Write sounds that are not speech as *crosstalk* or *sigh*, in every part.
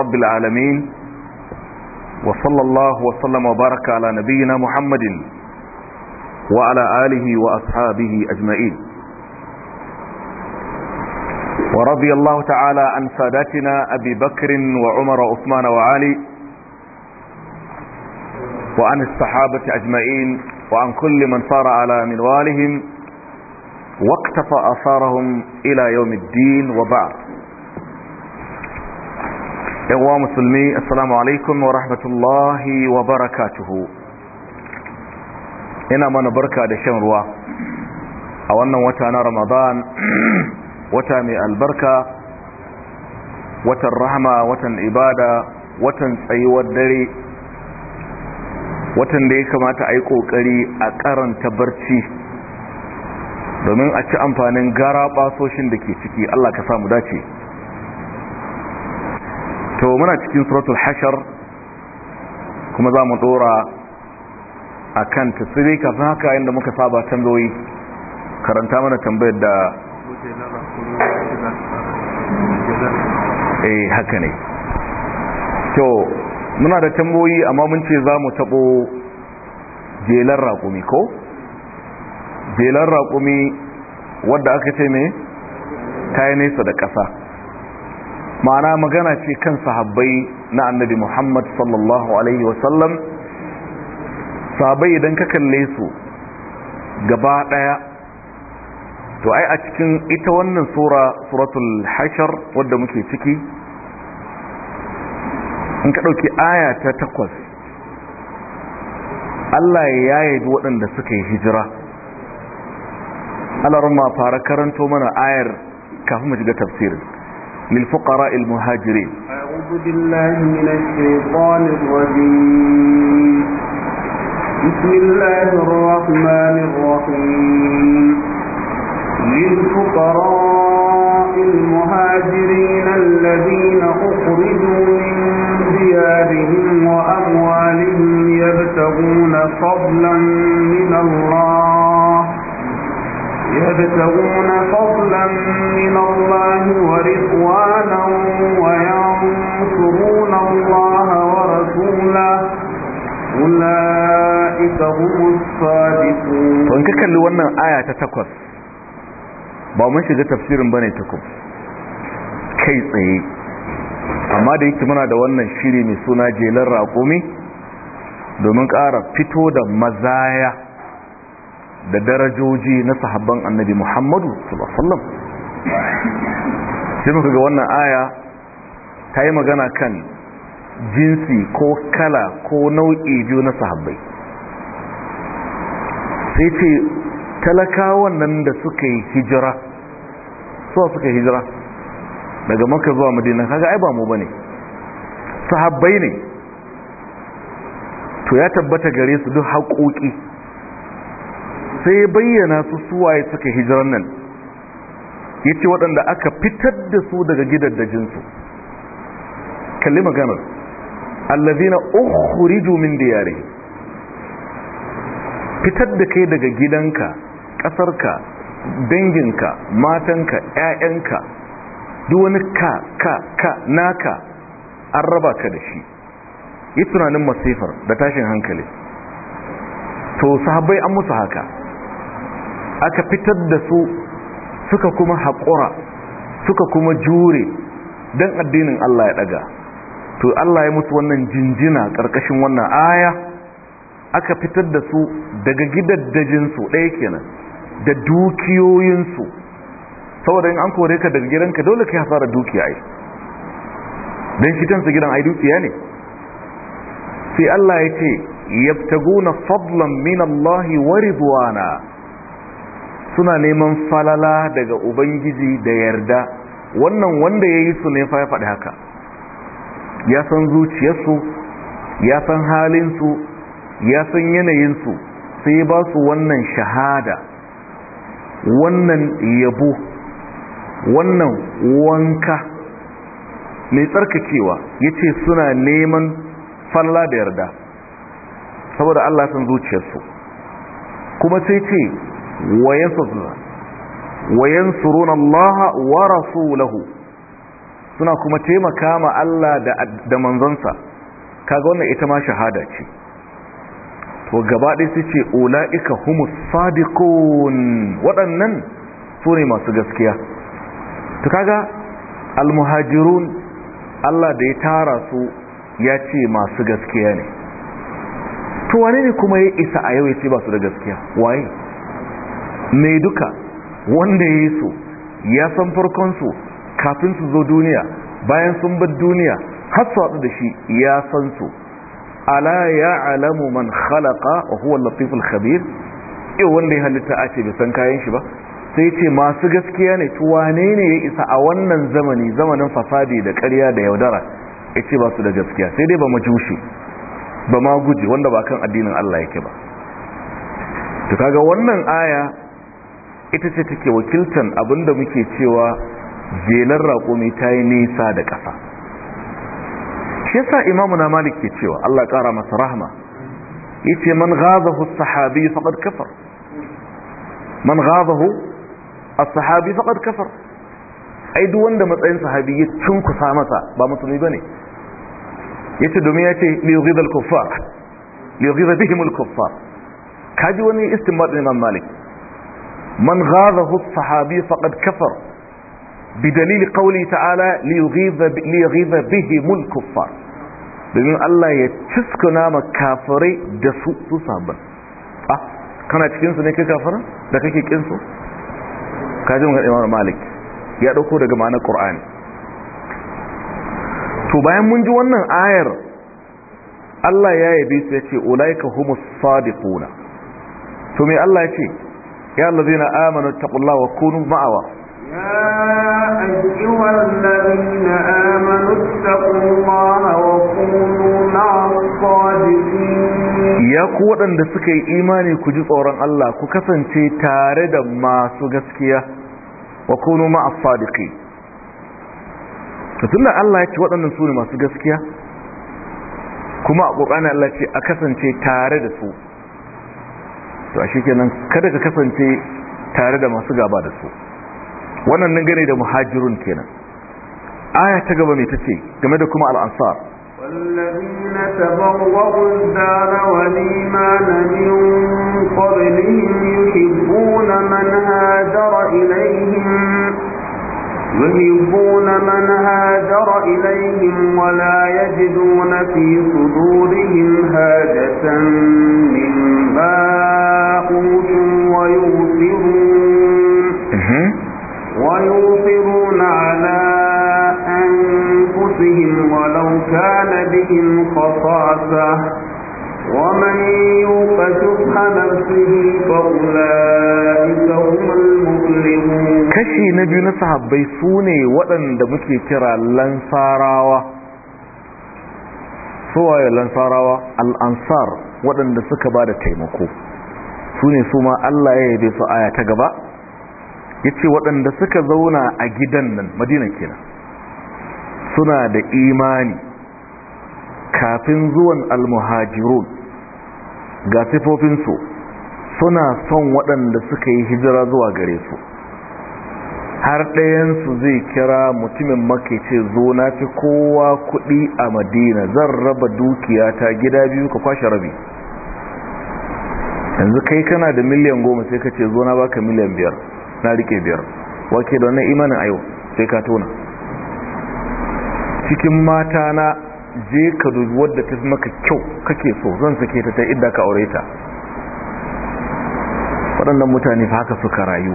رب العالمين وصلى الله وسلم وبارك على نبينا محمد وعلى آله وأصحابه أجمعين ورضي الله تعالى عن سادتنا أبي بكر وعمر وعثمان وعلي وعن الصحابة أجمعين وعن كل من صار على منوالهم واقتفى أثارهم إلى يوم الدين وبعد uwa musulmi assalamu alaikum wa rahmatullahi wa barakatuhu ina mana barka da shan ruwa a wannan wata na ramadan *clears throat* wata mai albarka watan rahama watan ibada watan tsayuwar dare watan da ya kamata a yi kokari a karanta barci domin a ci amfanin gara basoshin da ke ciki allah ka samu dace to muna cikin suratul hashar kuma za mu dora a kan tasiri kafin haka yadda muka saba tambayoyi karanta mana tambayar da eh haka ne to muna da tambayoyi amma mun ce za mu taɓo jelar raƙumi ko jelar raƙumi wadda aka ce mai ta yi nesa da ƙasa ma'ana magana ce kan sahabbai na annabi muhammad sallallahu alaihi wasallam sahabbai idan ka kalle su gaba daya to ai a cikin ita wannan sura suratul hashar wadda muke ciki in ka ɗauki aya ta takwas allah ya yaye waɗanda suka yi hijira alarma fara karanto mana ayar kafin mu shiga tafsirin للفقراء المهاجرين أعوذ بالله من الشيطان الرجيم بسم الله الرحمن الرحيم للفقراء المهاجرين الذين أخرجوا من ديارهم وأموالهم يبتغون فضلا من الله يبتغون فضلا من الله ورضوانا وينصرون الله ورسوله أولئك هم الصادقون وإن كان لونا آية تتكوث ba mun shiga tafsirin bane tukum kai tsaye amma da yake muna da wannan shiri mai suna jelar raƙumi domin ƙara fito da mazaya da darajoji na sahabban annabi muhammadu sallallahu sai muka ga wannan aya ta yi magana kan jinsi ko kala ko nau'i biyu na sahabbai sai ce talakawan nan da suka yi hijira suwa suka yi hijira daga maka zuwa madina kaga ai ba mu bane sahabbai ne to ya tabbata gare su duk haƙoƙi sai ya bayyana su suwaye suka hijirar nan ya ce waɗanda aka fitar da su daga jinsu. kalli maganar allazina ukhriju min diyari fitar da kai daga gidanka ƙasarka danginka matanka ƴaƴanka duk wani ka ka ka naka an raba ka da shi yi tunanin masifar da tashin hankali to sahabbai an musu haka aka fitar da su suka kuma haƙura suka kuma jure don addinin Allah ya ɗaga to Allah ya mutu wannan jinjina ƙarƙashin wannan aya aka fitar da su daga dajinsu ɗaya kenan da dukiyoyinsu saboda in an kore ka daga gidanka dole ka hasarar dukiya ai don shi gidan ai dukiya ne sai Allah ya ce yabtaguna fadlan min Allah wa ridwana suna neman falala daga ubangiji da yarda wannan wanda ya yi su ne fa ya faɗi haka ya san zuciyarsu ya san halinsu ya san yanayinsu sai ba su wannan shahada wannan yabo wannan wanka mai tsarkakewa ya ce suna neman falala da yarda saboda Allah san zuciyarsu kuma sai ce wa yansuruna Allah suna kuma taimaka ma Allah da da manzonsa kaga wannan ita ma shahada ce to gaba ɗaya su ce ula'ika humus sadiqun waɗannan su ne masu gaskiya to kaga almuhajirun Allah da ya tara su ya ce masu gaskiya ne to wane ne kuma ya isa a yau ya ce ba su da gaskiya waye mai duka wanda ya yi su ya san farkonsu kafin su zo duniya bayan sun bar duniya har haɗu da shi ya san su ala ya alamu man khalaqa wa huwa latiful khabir eh wanda ya halitta a ce bai san kayan shi ba sai ce masu gaskiya ne to wane ne ya isa a wannan zamani zamanin fasadi da ƙarya da yaudara ya ce ba su da gaskiya sai dai ba majushi ba ma guje wanda ba kan addinin Allah yake ba to kaga wannan aya ita ce take wakiltan abinda muke cewa jelar raƙumi ta yi nisa da ƙasa shi sa imamu na malik ke cewa Allah ƙara masa rahama ce man ghazahu as-sahabi faqad kafar man ghazahu as-sahabi faɗar kafar ai duk wanda matsayin sahabi ya cunkusa masa ba musulmi bane ce domin ya ce yughidha al-kuffar li yughidha bihim al-kuffar kaji wani istinbat Imam Malik man ghazahu as-sahabi faqad kafar bi dalili ta'ala li yughiza li yughiza bihim al-kuffar domin Allah ya ciskuna ma kafirai da su su saban kana cikin su ne kai kafara da kake kin su kaji mun ga Imam Malik ya ɗauko daga ma'anar Qur'ani to bayan mun ji wannan ayar Allah ya yabe su ya ce ulaika humus sadiquna to me Allah ya ce يا الذين آمنوا اتقوا الله وكونوا معه يا أيها الذين آمنوا اتقوا الله وكونوا مع الصادقين Yaku waɗanda suka yi imani ku ji tsoron Allah ku kasance tare da masu gaskiya wa kunu ma a sadiki. Tunda Allah ya ce waɗanda su ne masu gaskiya, kuma a ƙoƙanin Allah ce a kasance tare da su. to a shekenan kada ka kasance tare da masu gaba da su wannan nan gane da muhajirun kenan aya ta gaba mai tace game da kuma al-ansar والذين تبوأوا الدار والإيمان من قبلهم يحبون من هاجر إليهم يحبون من هاجر إليهم ولا يجدون في صدورهم هاجة مما أوتوا ويؤثرون ويؤثرون على أنفسهم ولو كان بهم خصاصة ومن يوق biyu نفسه فأولئك هم المفلحون كشي نبي نصحب بيسوني ودن دمكي كرا لنصاراوة سواء لنصاراوة الأنصار ودن دسك بعد تيمكو sune su ma Allah ya yabe su aya ta gaba ya ce waɗanda suka zauna a gidan nan madina kenan suna da imani kafin zuwan almuhajirun ga sifofinsu suna son waɗanda suka yi hijira zuwa gare su har ɗayansu zai kira mutumin ce zo na fi kowa kuɗi a madina zan raba dukiya ta gida biyu ka kwashe rabi yanzu kai kana da miliyan goma sai ka ce zo na baka miliyan biyar na rike biyar wake da na imanin ayo sai ka tona cikin mata na je ka dubi wadda ta maka kyau kake so zan sake ta ta inda ka aure ta waɗannan mutane fa haka suka rayu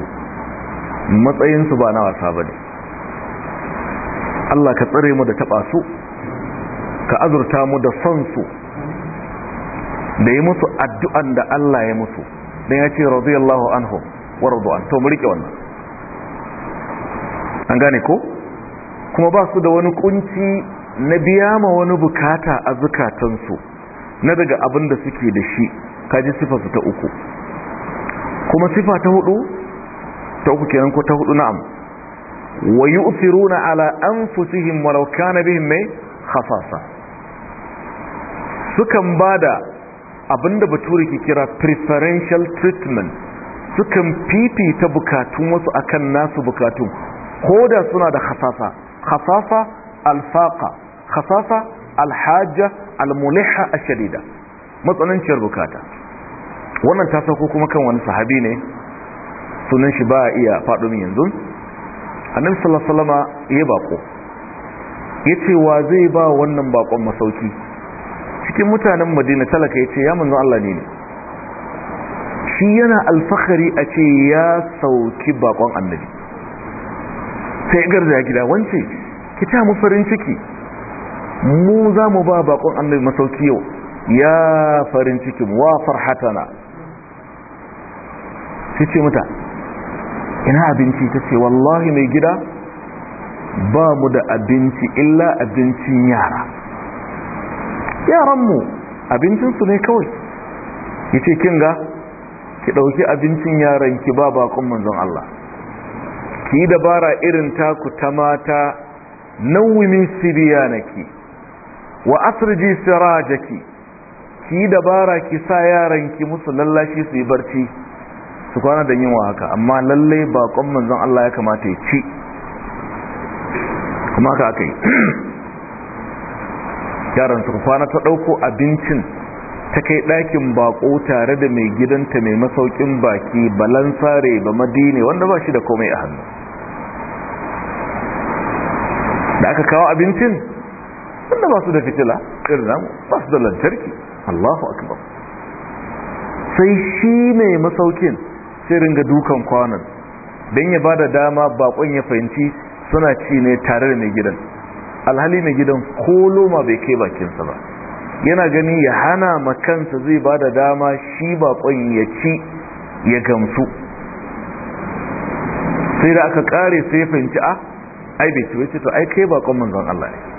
matsayinsu ba na wasa ba Allah ka tsare mu da taɓa su ka azurta mu da son su da yi musu addu'an da Allah ya musu don ya ce radiyallahu anhu wa an to mu riƙe wannan an gane ko kuma ba su da wani kunci na biya ma wani bukata a zukatansu na daga abin da suke da shi kaji sifarsu ta uku kuma sifa ta hudu ta uku kenan ko ta hudu na'am wa yu'thiruna ala anfusihim walau kana bihim mai khasasa sukan bada abinda bature ke kira preferential treatment sukan fifita bukatun wasu akan nasu bukatun koda suna da khasasa khasasa alfaqa khasafa alhaja a ashadida matsananciyar bukata wannan ta sauko kuma kan wani sahabi ne sunan shi ba iya faɗo min yanzu annabi sallallahu alaihi wasallama ya bako yace wa zai ba wannan bakon masauki cikin mutanen madina talaka yace ya manzo Allah ne shi yana alfahari a ce ya sauki bakon annabi sai garza gida wance kita mu farin ciki mu za mu ba bakon annabi masauki yau ya farin cikin wa farhatana sai ce mata ina abinci ta ce wallahi mai gida ba mu da abinci illa abincin yara yaranmu abincinsu ne kawai ya kin ga, ki ɗauki abincin yaran ki ba bakon manzon Allah ki dabara irin taku ta mata nauyin siriya na ki wa asriji sirajaki ki dabara ki sa yaran ki musu lallashi su yi barci su kwana da yin haka amma lallai bakon manzon Allah ya kamata ya ci kuma haka yi. *clears throat* yaran su kwana ta ɗauko abincin ta kai ɗakin bako tare da mai gidanta mai masaukin baki balansare ba madine wanda ba shi da komai a hannu da aka kawo abincin wanda ba su da fitila irin namu ba su da lantarki Allahu akbar sai shi ne masaukin sai ringa dukan kwanan don ya bada dama bakon ya fahimci suna ci ne tare da mai gidan alhali mai gidan ko loma bai kai bakinsa ba yana gani ya hana makansa zai bada dama shi bakon ya ci ya gamsu sai da aka kare sai ya fahimci a ah, ai bai ci wai to ai kai bakon manzon Allah ne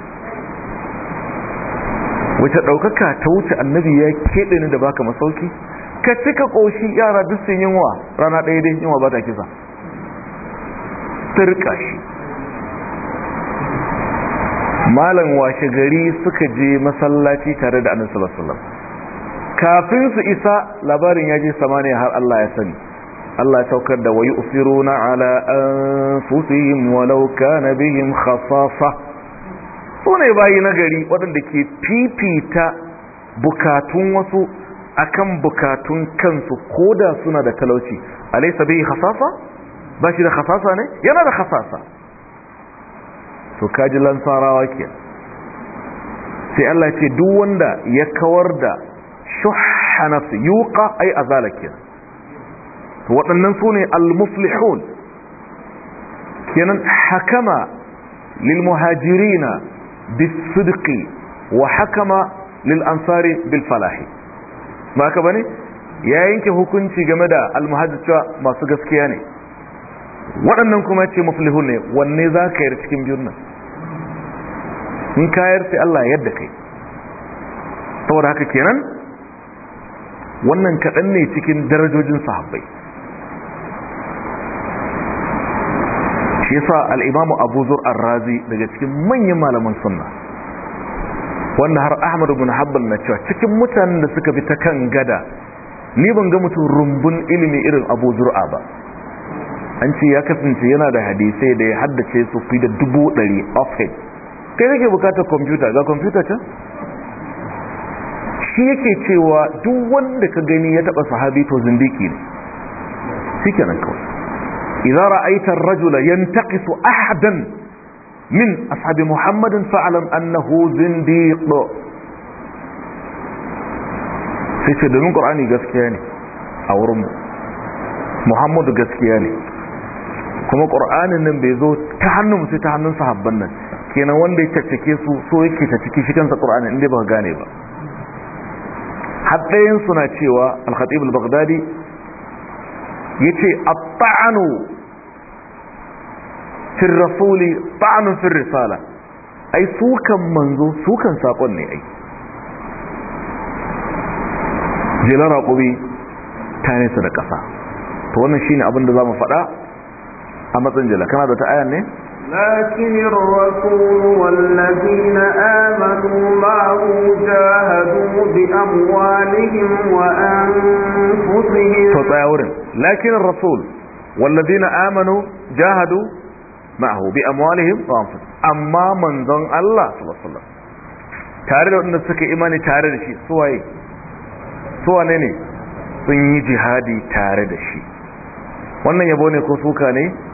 wata ɗaukaka ta wuce annabi ya keɗe ni da baka masauki ka cika ƙoshi yara duk sun yunwa rana ɗaya dai yinwa ba ta kisa turka shi malam washe gari suka je masallaci tare da annabi sallallahu alaihi wasallam kafin su isa labarin ya je samaniya har Allah ya sani Allah ya saukar da wayu usiruna ala anfusihim walau kana bihim khasasa ne bayi nagari waɗanda ke fifita bukatun wasu akan bukatun kansu ko da suna da talauci alaisa bai hasasa ba shi da hasasa ne yana da hasasa to kaji lansarawa ke sai Allah ce duk wanda ya kawar da shuhha nafsi yuqa ai azala kenan to waɗannan su ne al-muflihun kenan hakama lil muhajirina bisidqi wa hakama lil ansari bil falahi ba bane ya yanke hukunci game da almuhajjata masu gaskiya ne waɗannan kuma ce mafulihun ne wanne za ka yar cikin biyun nan in kayar sai Allah yadda kai saboda haka kenan wannan kaɗan ne cikin darajojin sahabbai shi yasa al-imamu abu zur al razi daga cikin manyan malaman sunna wanda har ahmad ibn hanbal na cewa cikin mutanen da suka fi ta kan gada ni ban ga mutum rumbun ilimi irin abu zur'a ba an ce ya kasance yana da hadisai da ya haddace su fi da dubu ɗari head kai kake bukatar kwamfuta ga kwamfuta can shi yake cewa duk wanda ka gani ya taɓa sahabi to zindiki ne shi kenan kawai idza ra'aitar rajula yan yantaqisu ahadan min ashabi muhammadin fa'alam annahu zindiq sai ce domin qur'ani gaskiya ne a wurin muhammadu gaskiya ne kuma ƙur'anin nan bai zo ta hannun sai ta hannun sahabban nan kenan wanda ya caccake su so yake caccake shi kansa ƙur'anin inda baka gane ba haddayen na cewa al-khatib yace at-ta'anu fi rasuli ta'anu fi risala ai sukan manzo sukan sakon ne ai jilan raqubi ta nesa da ƙasa, to wannan shine abin da mu faɗa a matsayin jila kana da ta ayan ne لكن الرسول والذين آمنوا معه جاهدوا بأموالهم وأنفسهم تطاور لكن الرسول والذين آمنوا جاهدوا معه بأموالهم وأنفسهم أما من ظن الله صلى الله عليه وسلم tare da waɗanda إيماني imani tare سوى shi إيه؟ نيني suwane ne sun yi jihadi يبوني da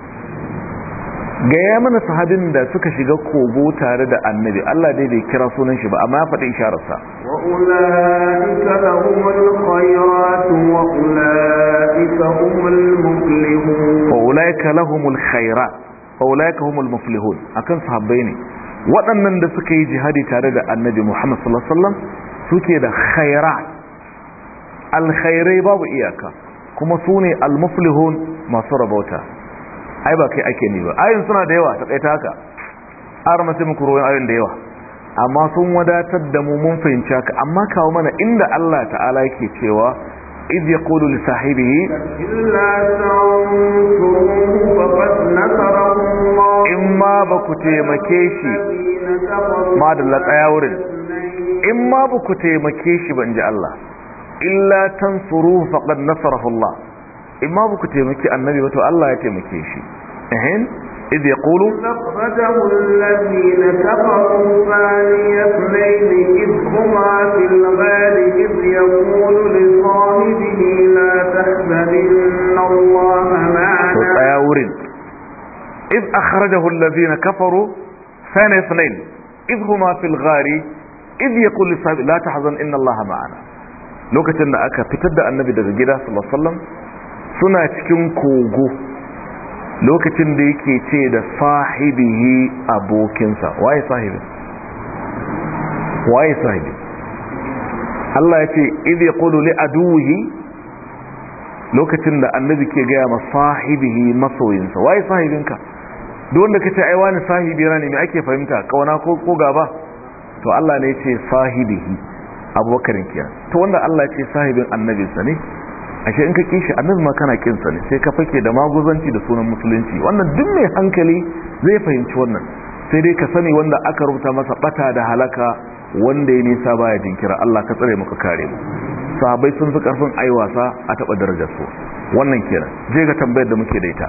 gaya mana sahabin da suka shiga kogo tare da annabi Allah dai bai kira sunan shi ba amma ya faɗi ishararsa wa ulaika lahumul khayratu wa ulaika humul muflihun wa ulaika lahumul khayrat wa ulaika humul muflihun akan sahabbai ne waɗannan da suka yi jihadi tare da annabi Muhammad sallallahu alaihi wasallam suke da al alkhairai babu iyaka kuma su ne al-muflihun masu rabauta ai ba kai ake ni ba ayin suna da yawa ta kaita haka har ma sai muku ruwan ayin da yawa amma sun wadatar da mu mun fahimci haka amma kawo mana inda Allah ta'ala yake cewa iz yaqulu li sahibihi illa tanfum fa qad nasara Allah in ma ba ku taimake shi ma da la tsaya wurin in ma ba ku taimake shi ban ji Allah illa tanfuru fa qad nasara Allah in ma ba ku taimaki annabi ba to Allah ya taimake shi ehin idh yaqulu naqbadahu alladhina kafaru faniyatayn idh huma fil ghar idh yaqulu li sahibihi la tahzanna Allah ma'ana to tsaya wurin idh akhrajahu alladhina kafaru faniyatayn idh huma fil ghar idh yaqulu li sahibihi la tahzan inna Allah ma'ana lokacin da aka fitar da annabi daga gida sallallahu alaihi wasallam suna cikin kogo lokacin da yake ce da sahibihi abokinsa waye sahibi waye sahibi Allah ya ce idhi qulu li aduwwihi lokacin da annabi ke gaya ma sahibihi masoyinsa waye sahibinka duk wanda kace ai wani sahibi na ne me ake fahimta kauna ko ko gaba to Allah ne ya ce sahibihi abubakar kiyar to wanda Allah ya ce sahibin annabinsa ne ashe in ka kishi nan ma kana kin sa ne sai ka fake da maguzanci da sunan musulunci wannan duk mai hankali zai fahimci wannan sai dai ka sani wanda aka rubuta masa bata da halaka wanda ya nisa baya jinkira Allah ka tsare maka kare mu sahabbai sun fi karfin a'yi wasa a taba darajar su wannan kenan je ga tambayar da muke da ita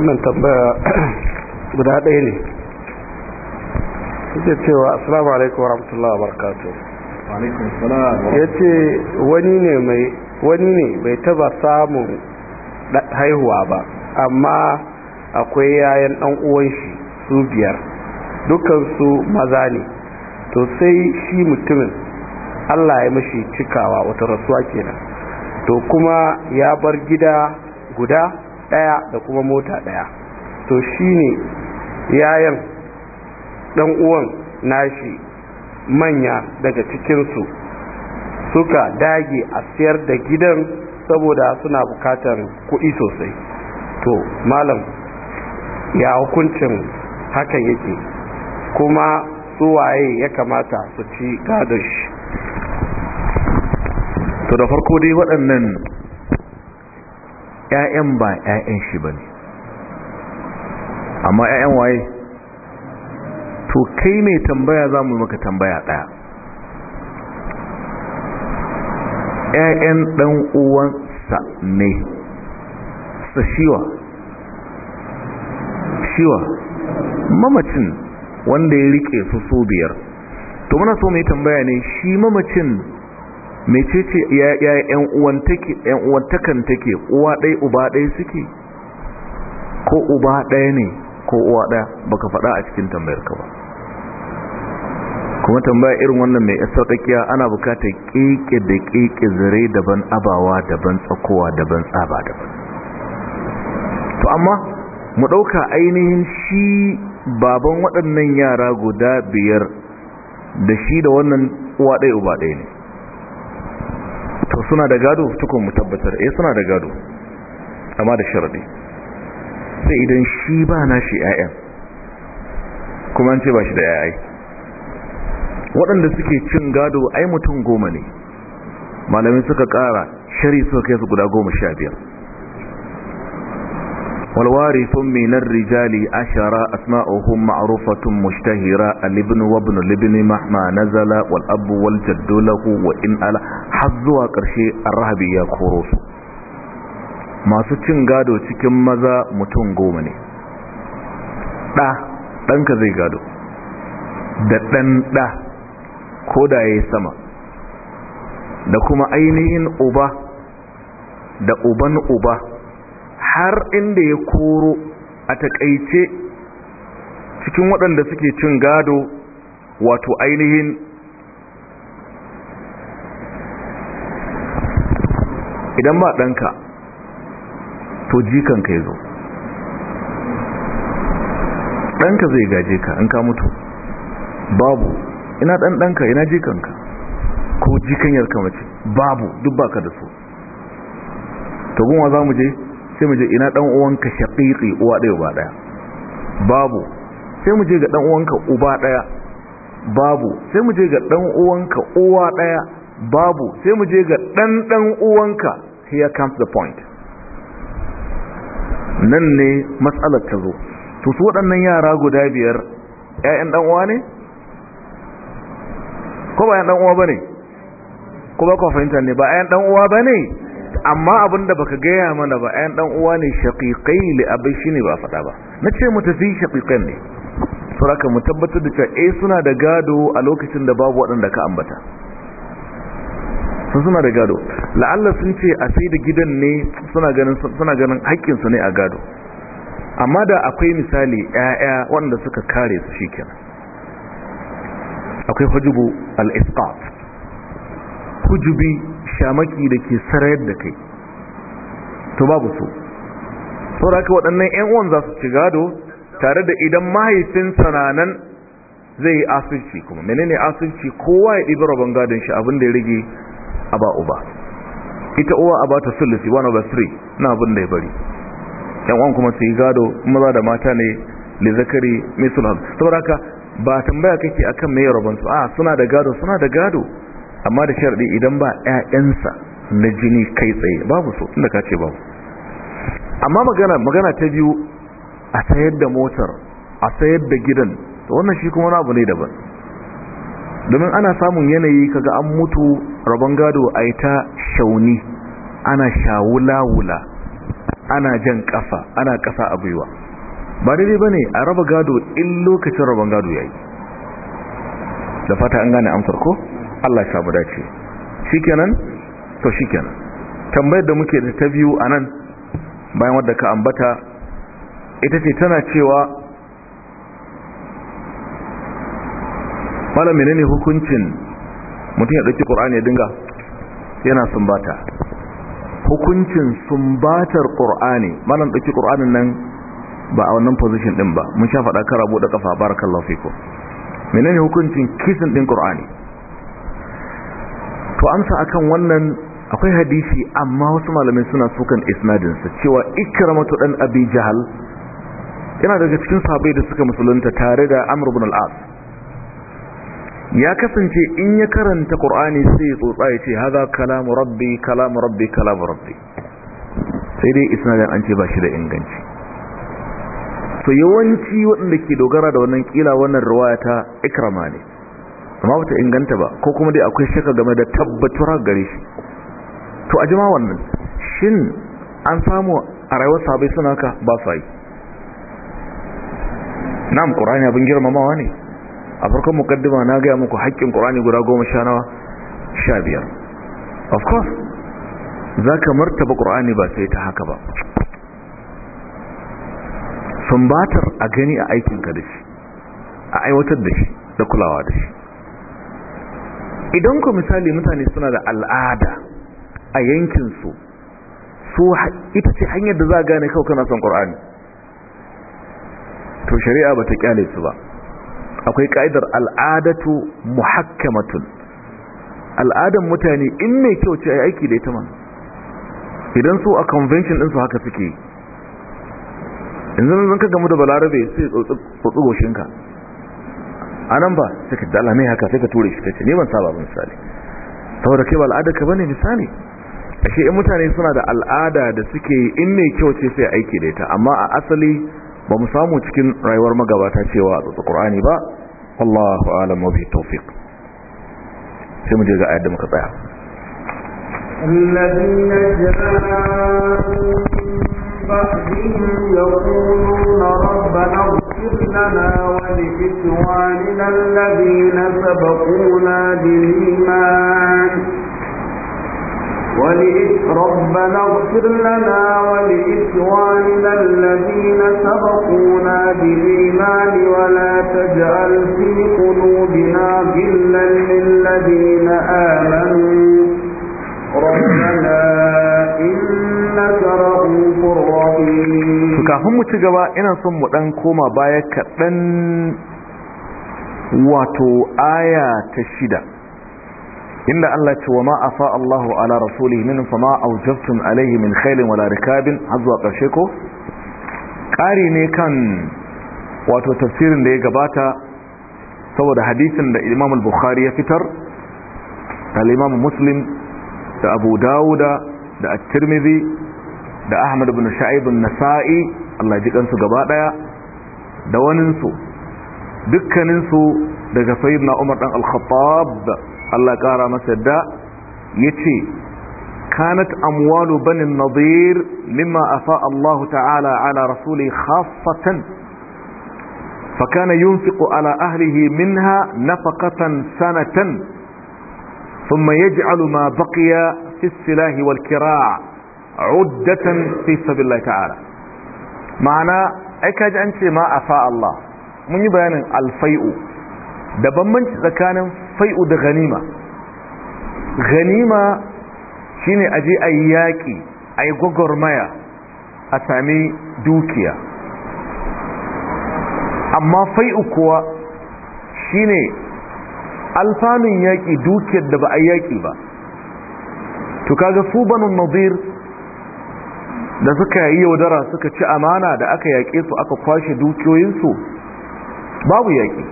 wannan tambaya guda ɗaya ne yake cewa assalamu alaikum warahmatullahi wabarakatuh ya ce wani ne mai wani ne bai taba samun haihuwa ba amma akwai yayan dan uwan shi su biyar su maza ne to sai shi mutumin allah ya mashi cikawa wata rasuwa kenan to kuma ya bar gida guda daya da kuma mota daya to shine yayan ɗan uwan nashi manya daga cikinsu suka dage a siyar da gidan saboda suna bukatar kuɗi sosai to malam ya hukuncin hakan yake kuma su waye ya kamata su ci gadon shi to da farko dai waɗannan 'ya'yan ba 'ya'yan shi ba ne amma 'ya'yan waye to kai mai tambaya za mu maka tambaya ɗaya Ƴaƴan ɗan uwansa ne sa shiwa shiwa mamacin wanda ya rike su su biyar to muna so mai tambaya ne shi mamacin mecece ‘ya'yan uwantakan take uwa ɗai uba ɗai suke ko uba ɗaya ne ko uwa ɗaya baka faɗa a cikin tambayar ka ba kuma tambaya irin wannan mai kakiya ana bukatar ƙiƙe da ƙiƙe zare daban abawa daban tsakowa daban tsaba daban to amma mu ɗauka ainihin shi baban waɗannan yara guda biyar da shi da wannan uwa ɗaya uba ɗaya ne to suna da gado tukun mu tabbatar eh suna da gado amma da sharadi sai idan shi ba na shi ƴaƴan kuma an ce ba shi da ƴaƴai waɗanda suke cin gado ai mutum goma ne malamai suka ƙara shari suka kai su guda goma sha biyar walwari sun minar rijali ashara ohun ma'arufatun mushtahira libin wabin libin ma'ama na Zala, wal wa in ala har zuwa ƙarshe a rahabi ya koro su masu cin gado cikin maza mutum goma ne ɗa ɗanka zai gado da ɗan ɗa ko da ya sama da kuma ainihin uba da uban uba har inda ya koro a takaice cikin waɗanda suke cin gado wato ainihin idan ba ɗanka to jikanka ya zo ɗanka zai gaje ka in ka mutu babu ina dan danka ina jikanka ko jikanyar ka mace babu duk baka da su to gunwa za mu je sai mu je ina dan uwanka shaqiqi uwa daya uba daya babu sai mu je ga dan uwanka uba daya babu sai mu je ga dan uwanka uwa daya babu sai mu je ga dan dan uwanka here comes the point nan ne matsalar ta zo to su waɗannan yara guda biyar ƴaƴan ɗan uwa ne ko ba yan dan uwa bane ko ba ka fahimta ne ba yan dan uwa bane amma abinda baka gaya mana ba yan dan uwa ne shaqiqai li abai shine ba faɗa ba nace mu tafi shaqiqan ne raka mu tabbatar da cewa eh suna da gado a lokacin da babu waɗanda ka ambata sun suna da gado la'alla sun ce a sai da gidan ne suna ganin suna ganin haƙƙinsu ne a gado amma da akwai misali 'ya'ya wanda suka kare su shikenan akwai hujubu al-isqat hujubi shamaki da ke sarayar da kai to babu su saboda haka waɗannan ƴan uwan za su ci gado tare da idan mahaifinsa na nan zai yi asirci kuma menene asirci kowa ya ɗibi rabon gadon shi abin da ya rage a ba uba ita uwa a ba ta sulusi one over three na abin da ya bari yan uwan kuma su yi gado maza da mata ne da zakari mai sulham saboda haka ba tambaya kake akan mai rabon su a suna da gado suna da gado amma da sharadi idan ba ƴaƴansa na jini kai tsaye babu so tunda kace babu amma magana magana ta biyu a sayar da motar a sayar da gidan to wannan shi kuma abu ne daban domin ana samun yanayi kaga an mutu rabon gado a yi shauni ana shawula-wula ana jan kafa ana kasa a gwiwa ba daidai ba ne a raba gado in lokacin raban gado ya yi da fata an gane amsar ko allah ya sabu dace shi kenan to shi kenan tambayar da muke da ta biyu a nan bayan wadda ka ambata ita ce tana cewa malamina ne hukuncin mutum ya ɗauki ƙur'ani ya dinga yana sumbata hukuncin sumbatar ƙur'ani malam ɗauki ƙur'anin nan ba a wannan position din ba mun sha faɗa kara buɗe ƙafa barakallahu fiku menene hukuncin kisan din qur'ani to amsa akan wannan akwai hadisi amma wasu malamai suna sukan isnadin sa cewa ikramatu dan abi jahal yana daga cikin sahabbai da suka musulunta tare da amr ibn al-as ya kasance in ya karanta qur'ani sai tsotsa ya ce hada kalamu rabbi kalamu rabbi kalamu rabbi sai dai isnadin an ce ba shi da inganci to yawanci waɗanda ke dogara da wannan kila wannan ruwaya ta ikrama ne amma bata inganta ba ko kuma dai akwai shaka game da tabbatura gare shi to a jima wannan shin an samu a rayuwar sabai suna ka ba su yi na'am qur'ani abin girmamawa ne a farkon mukaddima na gaya muku haƙƙin qur'ani guda goma sha nawa sha biyar of course za ka martaba ƙur'ani ba sai ta haka ba sumbatar a gani a aikinka da shi a aiwatar da shi da kulawa da shi idan ku misali mutane suna da al'ada a yankin su ita ce hanyar da za a gane kawai kana son ƙorani to shari'a ba ta kyale su ba akwai ka'idar al'adatu muhakkamatun al'adan mutane in mai kyau ce a aiki da ita ma idan su a convention ɗinsu haka suke yanzu zan ka gamu da balarabe sai tsotsi goshinka a nan ba sai ka dala mai haka sai ka ture shi kace ne ban saba ba misali saboda kai ba al'ada ka bane misali ashe in mutane suna da al'ada da suke yi in mai kyau ce sai aiki da ita amma a asali ba mu samu cikin rayuwar magabata cewa a tsotsi qur'ani ba wallahu a'lam wa bi tawfiq sai mu je ga ayar da muka tsaya الذين جاءوا فأتهم يقولون ربنا اغفر لنا ولإخواننا الذين سبقونا بالإيمان ربنا اغفر لنا ولإخواننا الذين سبقونا بالإيمان ولا تجعل في قلوبنا غلا للذين آمنوا ربنا su kafin mu ci gaba ina son mu dan koma baya kaɗan wato aya ta shida inda Allah ce wa ma Allahu ala rasulihi min fa ma alaihi min khailin wala rikabin har zuwa ƙarshe ko ƙari ne kan wato tafsirin da ya gabata saboda hadisin da Imam al-Bukhari ya fitar da Imam Muslim da Abu Dawuda da At-Tirmidhi da ahmad ibn sha'ib an-nasa'i Allah ji kansu gaba daya da wanin su dukkanin su daga sayyidina umar dan al-khattab Allah kara masa da yace kanat amwalu bani nadir mimma afa Allah ta'ala ala rasuli khassatan فكان ينفق على أهله منها نفقة سنة ثم يجعل ما بقي في السلاح والكراع uddatan fi sabilillah ta'ala ma'ana ai ji an ce ma afa Allah mun yi bayanin alfai'u da bambanci tsakanin fai'u da ganima ganima shine aje ayi yaki ayi gogormaya a sami dukiya amma fai'u kuwa shine alfanun yaki dukiyar da ba a yaki ba to kaga fubanun nadir da suka yi yaudara suka ci amana da aka yaƙe su aka kwashe dukiyoyinsu babu yaƙi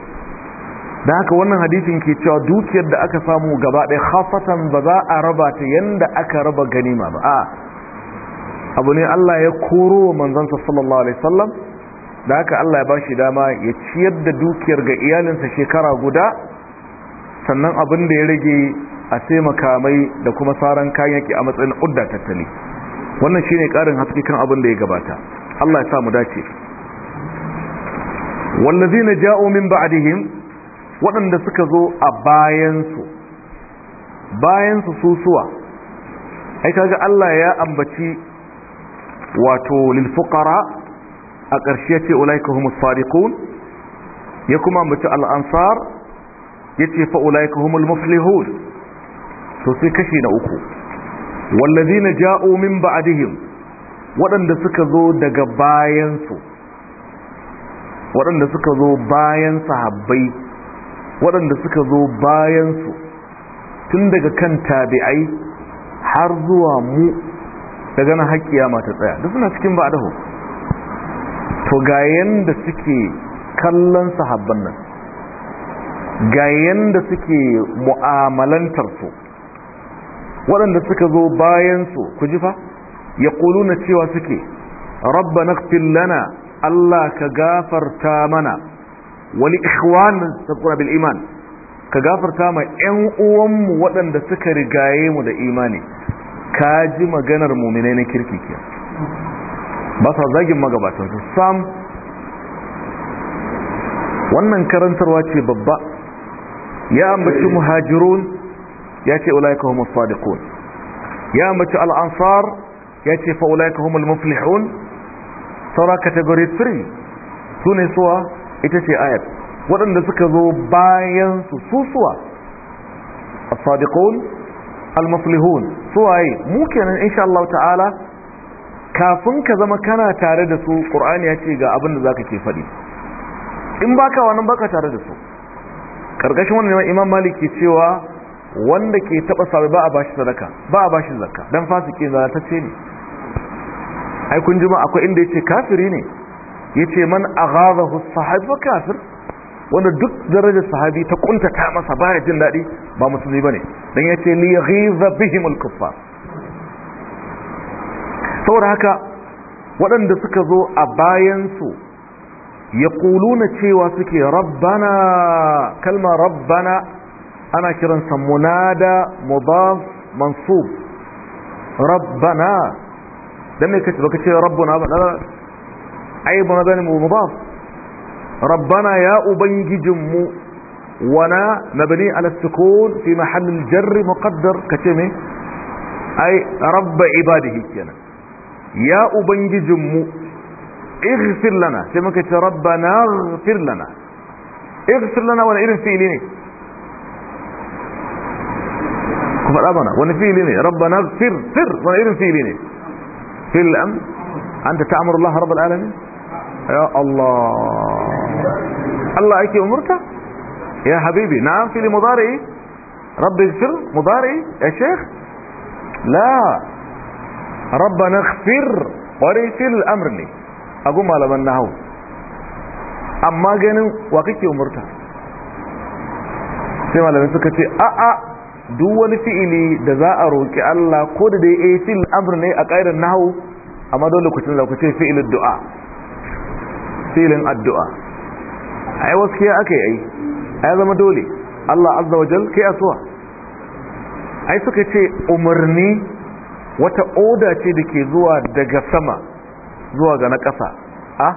da haka wannan hadisin ke cewa dukiyar da aka samu gaba ɗaya hafatan ba za a raba ta yanda aka raba ganima ba a abu ne Allah ya koro wa manzansa sallallahu alaihi wasallam da haka Allah ya bashi dama ya ciyar da dukiyar ga iyalinsa shekara guda sannan abin da ya rage a sai makamai da kuma saran kayan yaki a matsayin udda tattali wannan shine ƙarin haske kan abin da ya gabata Allah ya sa mu dace wallazina ja'o min ba'adihim? waɗanda suka zo a bayansu bayansu susuwa ai kaga Allah ya ambaci wato lil fuqara a ƙarshe ya ce ulaika humus sadiqun ya kuma ambaci al'ansar ya ce fa ulaika humul muflihun to sai kashi na uku wallazina ja'u min ba'dihim waɗanda suka zo daga bayansu waɗanda suka zo bayan sahabbai waɗanda suka zo bayansu tun daga kan tabi'ai har zuwa mu daga na haƙƙiya mata tsaya da suna cikin ba'dahu to ga yanda suke kallon sahabban nan ga yanda suke mu'amalantar su waɗanda suka zo bayansu ku ji fa ya na cewa suke rabba na filana Allah ka gafarta mana wani ikhwanin sakura bil iman ka gafarta ma 'yan uwanmu waɗanda suka rigaye mu da imani ka ji maganar muminai na kirki ke ba sa zagin magabatansu sam wannan karantarwa ce babba ya ambaci muhajirun ya ce ulaika humus sadiqun ya mace al-ansar ya ce fa ulaika humul muflihun saura category 3 sune suwa ita ce ayat waɗanda suka zo bayan su su suwa as-sadiqun al-muflihun suwaye mu kenan insha Allah ta'ala kafin ka zama kana tare da su qur'ani ya ce ga abin da zaka ke faɗi in baka wannan baka tare da su karkashin wannan imam maliki cewa wanda ke taba sabai ba a bashi sadaka ba a bashi zakka dan ta ce ne ai kun jima akwai inda yace kafiri ne yace man aghazahu sahabi fa kafir wanda duk darajar sahabi ta ta masa baya jin daɗi, ba musulmi bane dan yace li yaghiza bihim al-kuffar saboda haka waɗanda suka zo a bayansu ya kuluna cewa suke rabbana kalmar rabbana انا كرن منادى مضاف منصوب ربنا لما كتب كتب ربنا عيب هذا مضاف ربنا يا أبنج جم ونا مبني على السكون في محل الجر مقدر كتمة إيه؟ أي رب عباده كنا يا أبنج جم اغفر لنا كما كتب ربنا اغفر لنا اغفر لنا وانا ارن في ربنا وان في لنا ربنا اغفر سر وان اذن في لنا في الامر انت تامر الله رب العالمين يا الله الله ايكي امرك يا حبيبي نعم في المضارع رب اغفر مضارع يا شيخ لا ربنا اغفر وليس الامر لي اقوم على من نهو اما جنو وقتي امرك سيما لبنسكتي اه اه duk wani fi'ili da za a roƙi Allah ko da dai eh fil amr ne a ƙairar nahwu amma dole ku tunza ku ce fi'ilin du'a fi'ilin addu'a ai wasu kai akai ai ai zama dole Allah azza wa jal kai asuwa ai suka ce umarni wata oda ce da ke zuwa daga sama zuwa ga na ƙasa a ah,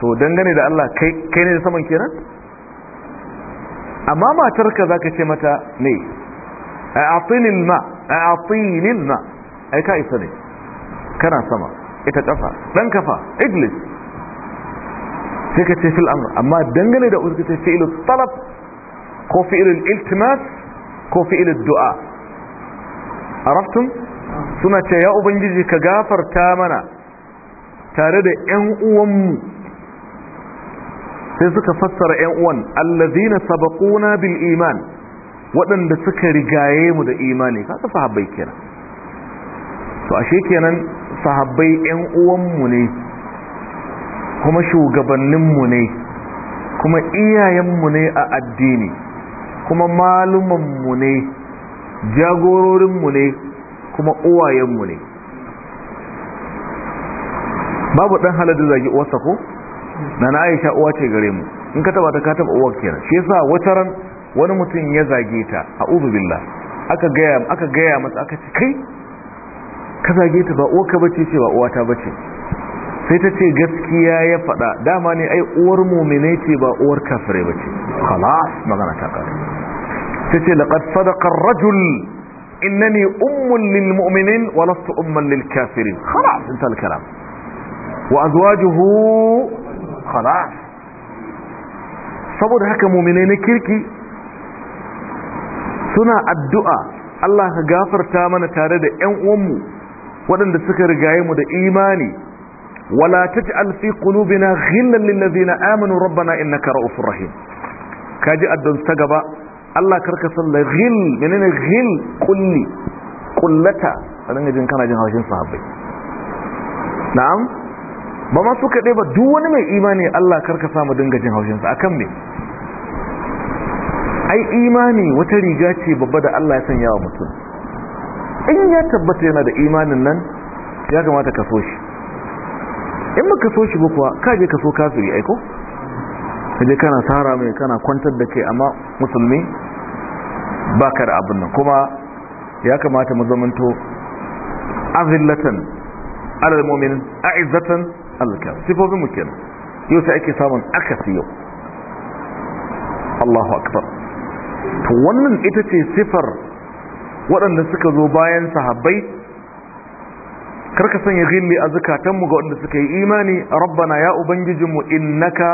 to dangane da Allah kai kai ne saman kenan amma matarka zaka ce mata ne a'tini alma a'tini alma ai ka isa ne kana sama ita kafa dan kafa iglis sai ka ce fil amma dangane da uzu ce fi'il talab ko fi'il iltimas ko fi'il du'a araftum suna ce ya ubangiji ka gafarta mana tare da ƴan uwanmu sai suka fassara ƴan uwan allazina sabaquna bil iman waɗanda suka rigaye mu da imani kasa sahabbai kenan to ashe kenan sahabbai ƴan uwanmu ne kuma shugabanninmu ne kuma iyayenmu ne a addini kuma malumanmu ne jagororinmu ne kuma uwayenmu ne babu ɗan halarci zagi uwarsa ko na na aisha uwa ce gare mu in ka taba ta ka uwar kenan shi yasa wata ran wani mutum ya zage ta a'udhu billah aka gaya aka gaya masa aka ce kai ka zage ta ba uwarka bace ce ba uwata bace sai ta ce gaskiya ya faɗa dama ne ai uwar mumine ce ba uwar kafire bace khalas magana ta kare ta ce laqad sadaqa ar-rajul innani ummun lil mu'minin wa lastu umman lil kafirin khalas inta al-kalam wa azwajuhu khalas saboda haka mumine ne kirki suna addu'a Allah ka gafarta mana tare da ‘yan uwanmu waɗanda suka rigaye mu da imani wala ta ci alfi ƙulubina ghillan lillazi na aminu rabbana inna kara ra'ufin rahim ka ji addon ta gaba Allah karka salla ghil menene ghil kulli kullata a kana jin haushin sahabbai na'am ba ma su kaɗai ba duk wani mai imani Allah karka samu dinga jin a akan me ai imani wata riga ce babba da Allah ya sanya wa mutum in ya tabbata yana da imanin nan ya kamata ka so shi in ba ka so shi ba kuwa ka je ka so kafiri aiko ka je kana sara mai kana kwantar da kai amma musulmi ba ka da abin nan kuma ya kamata mu zamanto azillatan alal mu'minin a'izzatan alkaf sifofin mu kenan yau sai ake samun akasi yau Allahu akbar to wannan ita ce sifar waɗanda suka zo bayan sahabbai karka sanya gilli a zukatanmu ga waɗanda suka yi imani rabbana ya ubangijinmu innaka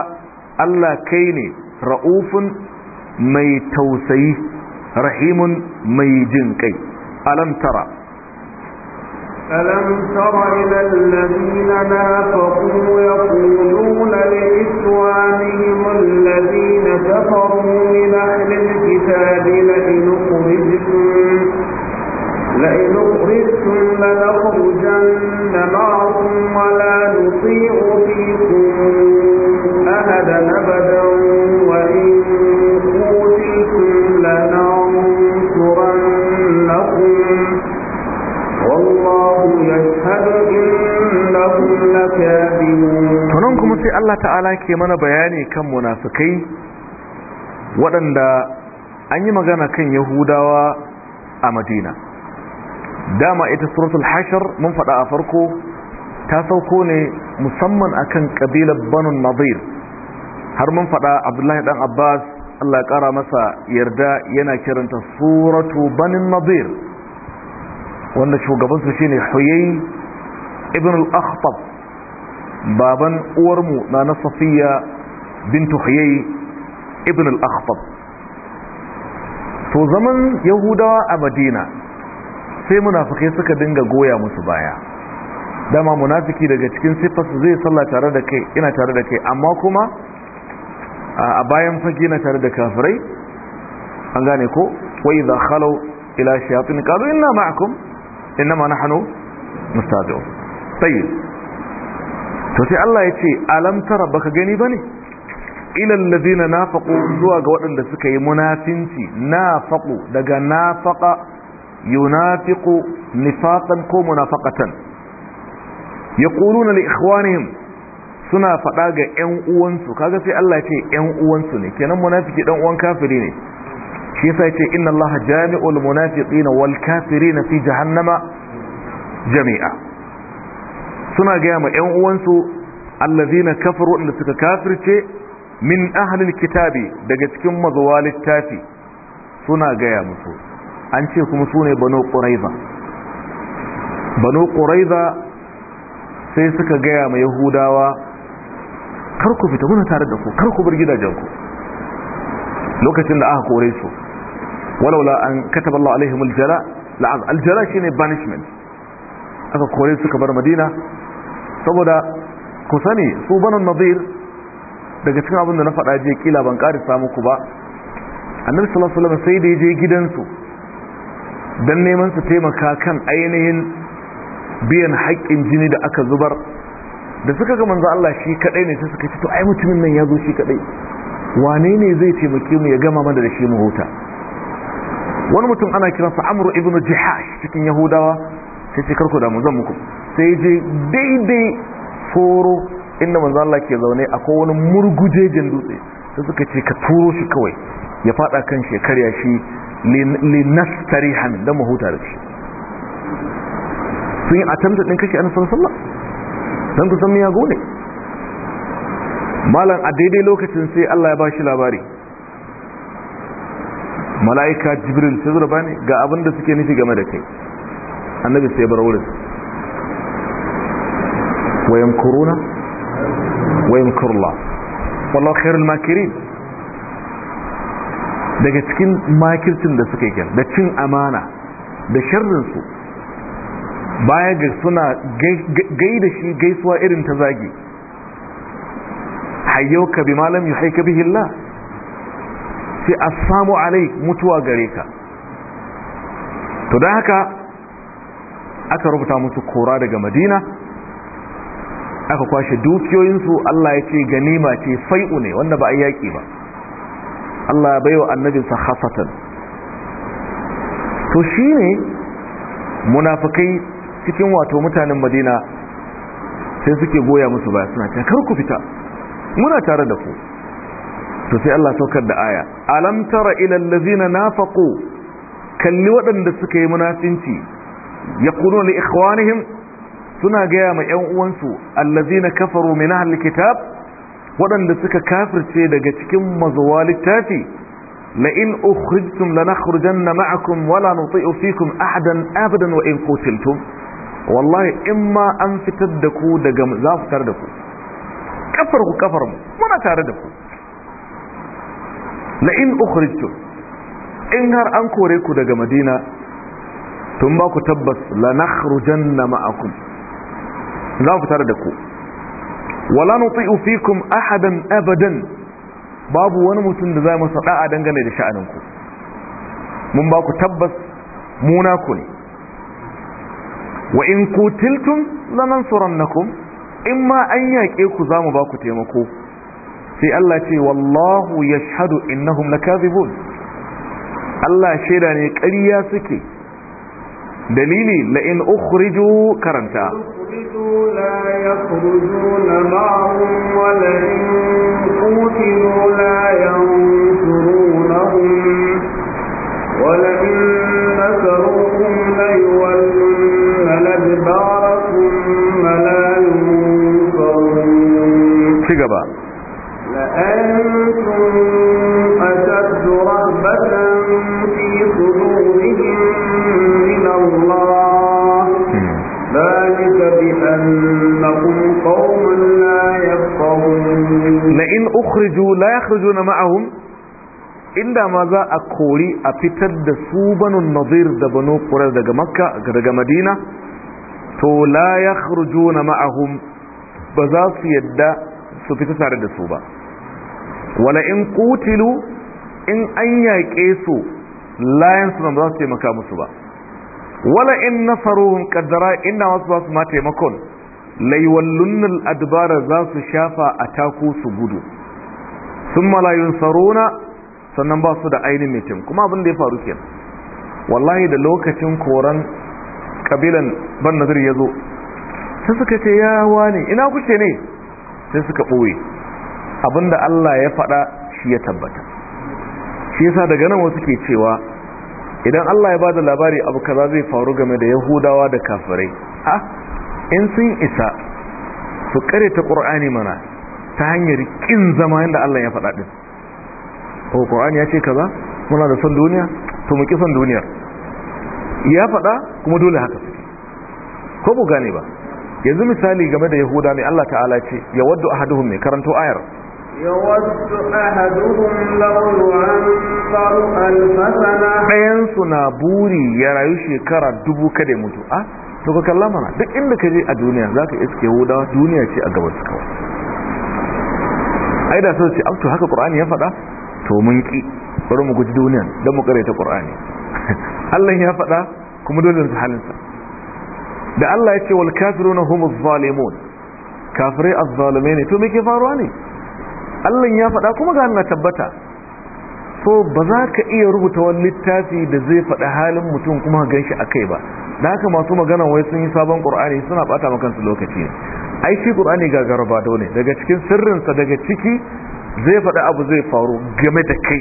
Allah kai ne ra'ufin mai tausayi rahimun mai jin kai alam ألم تر إلى الذين نافقوا يقولون لإخوانهم الذين كفروا من أهل الكتاب لئن أخرجتم لئن أخرجتم لنخرجن معكم ولا نطيع فيكم أهدا أبدا وإن tunan kuma sai Allah ta'ala ke mana bayani kan munafikai waɗanda an yi magana kan yahudawa a madina dama ita suratul hashar mun faɗa a farko ta sauko ne musamman a kan ƙabilar banun nadir har mun faɗa abdullahi ɗan abbas Allah ya ƙara masa yarda yana kiranta suratu banin nadir wanda shugabansu shine huyai ibn al-akhtab baban uwarmu na na safiya bintu huyai ibn al-akhtab to zaman yahudawa a madina sai munafikai suka dinga goya musu baya dama munafiki daga cikin sifas zai sallah tare da kai ina tare da kai amma kuma a bayan fage na tare da kafirai an gane ko wai idha khalu ila shayatin qalu inna ma'akum inma nahnu mustabi'un tayyib to sai Allah ya ce alam tara baka gani ba bane ilal na nafaqu zuwa ga waɗanda suka yi munafinci nafaqu daga nafaqa yunafiqu nifaqan ko munafaqatan yaquluna li ikhwanihim suna faɗa ga ƴan uwansu kaga sai Allah ya ce ƴan uwansu ne kenan munafiki ɗan uwan kafiri ne shi yasa ya ce inna Allah jami'ul munafiqina wal kafirina fi jahannama jami'a suna gaya ma 'yan uwansu allazina kafaru waɗanda suka kafirce min ahlil kitabi daga cikin mazuwa littafi suna gaya musu an ce kuma su ne banu ƙuraiza banu ƙuraiza sai suka gaya ma yahudawa kar ku fita muna tare da ku kar ku bar gidajenku lokacin da aka kore su walaula an kataba Allah alaihim aljala la'az aljala shine banishment aka kore su ka bar madina saboda ku sani su banan nazir daga cikin abin da na faɗa je kila ban samu ku ba annabi sallallahu alaihi wasallam sai da je gidansu dan neman su taimaka kan ainihin biyan haƙƙin jini da aka zubar da suka ga manzo Allah shi kadai ne sai suka ce to ai mutumin nan ya zo shi kadai wane ne zai taimake mu ya gama mana da shi mu huta wani mutum ana kiransa amru ibnu jihash cikin yahudawa sai ce karku da mu zan muku sai je daidai foro inda manzo Allah ke zaune akwai wani murgujejin dutse sai suka ce ka turo shi kawai ya fada kan shi karya shi linastari tarihan don mahuta da shi sun yi atamta ɗin kashe ana sarsalla don ku san miyago ne malam a daidai lokacin sai allah ya ba shi labari mala'ika jibril sai zurba ne ga abinda suke nufi game da kai annabi sai bar wurin ويمكرون ويمكر الله والله خير الماكرين daga cikin makircin da suka yi da cin amana da sharrinsu baya ga suna gai shi gaisuwa irin ta zagi ka bi malam yi ka bihi Allah sai assamu alai mutuwa gare ka to don haka aka rubuta musu kura daga madina aka kwashe dukiyoyinsu Allah ya ce ganima ce fai'u ne wanda ba a yaƙi ba Allah bai wa annabinsa hasatan to shi ne munafukai cikin wato mutanen madina sai suke goya musu baya suna ce, kar ku fita muna tare da ku to sai Allah saukar da aya alam tara ila allazina nafaqu kalli waɗanda suka yi munafinci yaquluna li ikhwanihim suna gaya ma 'yan uwansu allazina kafaru min ahli kitab waɗanda suka kafirce daga cikin mazuwa littafi la in ukhrijtum na ma'akum wala nuti'u fikum ahadan abadan wa in wallahi in ma an fitar da ku daga za su tar da ku kafar ku kafar mu muna tare da ku La'in in ukhrijtum in har an kore ku daga madina tun ba ku tabbas na ma'akum za mu fitar da ku wala nuti'u fikum ahadan abadan babu wani mutum da za mu a dangane da sha'anin ku mun ba ku tabbas muna ku ne wa in kutiltum lanansurannakum in ma an yaƙe ku za mu ba ku taimako sai Allah ce wallahu yashhadu innahum lakazibun Allah shaida ne ƙarya suke dalili la in ukhriju karanta قتلوا لا يخرجون معهم ولئن قتلوا لا ينصرونهم ولئن نصروهم ليولن الأدبار ثم لا ينصرون لأنتم أشد رهبة في صدورهم من الله إنكم قوم لا لئن أخرجوا لا يخرجون معهم inda ma za a kori a fitar da su banun nazir da banu kurar daga makka daga madina to la ya na ma'ahum ba za su yadda su fita tare da su ba wala in kutilu in an yaƙe su layan ba za su taimaka musu ba wala in nasaruhun inda masu ba taimakon al adbara za su shafa a taku su gudu sun malayun sarona sannan ba su da ainihin mitin kuma abin da ya faru ke wallahi da lokacin koran kabilan ban nazir ya zo sai suka ce ya wani ina kuke ne sai suka ɓoye abinda Allah ya faɗa shi ya tabbata shi yasa daga nan wasu ke cewa idan Allah ya ba da labari abu kaza zai faru game da yahudawa da kafirai a ah, in sun isa su ta ƙur'ani mana ta hanyar ƙin zama yadda Allah ya faɗa ko qur'ani ya ce kaza muna da son duniya to mu kisan duniyar ya faɗa kuma dole haka suke ko bu gane ba yanzu misali game da yahuda ne Allah ta'ala ce ya waddu ahaduhum mai karanto ayar يود ɗayansu na buri ya rayu shekara dubu kada mutu a ah, to ka kalla mana duk inda ka je a duniya za ka iske yahudawa duniya ce a gabar su kawai ai da sun ce abtu haka qur'ani ya faɗa to mun ki bari mu guji duniya don mu ta qur'ani *laughs* Allah ya faɗa kuma dole su halinsa da Allah ya ce wal na humuz zalimun kafirai zalimai ne to me ke faruwa ne Allah ya faɗa kuma ga na tabbata so ba za ka iya rubuta wani littafi da zai faɗa halin mutum kuma ganshi kai ba da haka masu magana wai sun yi sabon qur'ani suna bata maka su lokaci ne ai shi qur'ani ga da ne daga cikin sirrin sa daga ciki zai faɗi abu zai faru game da kai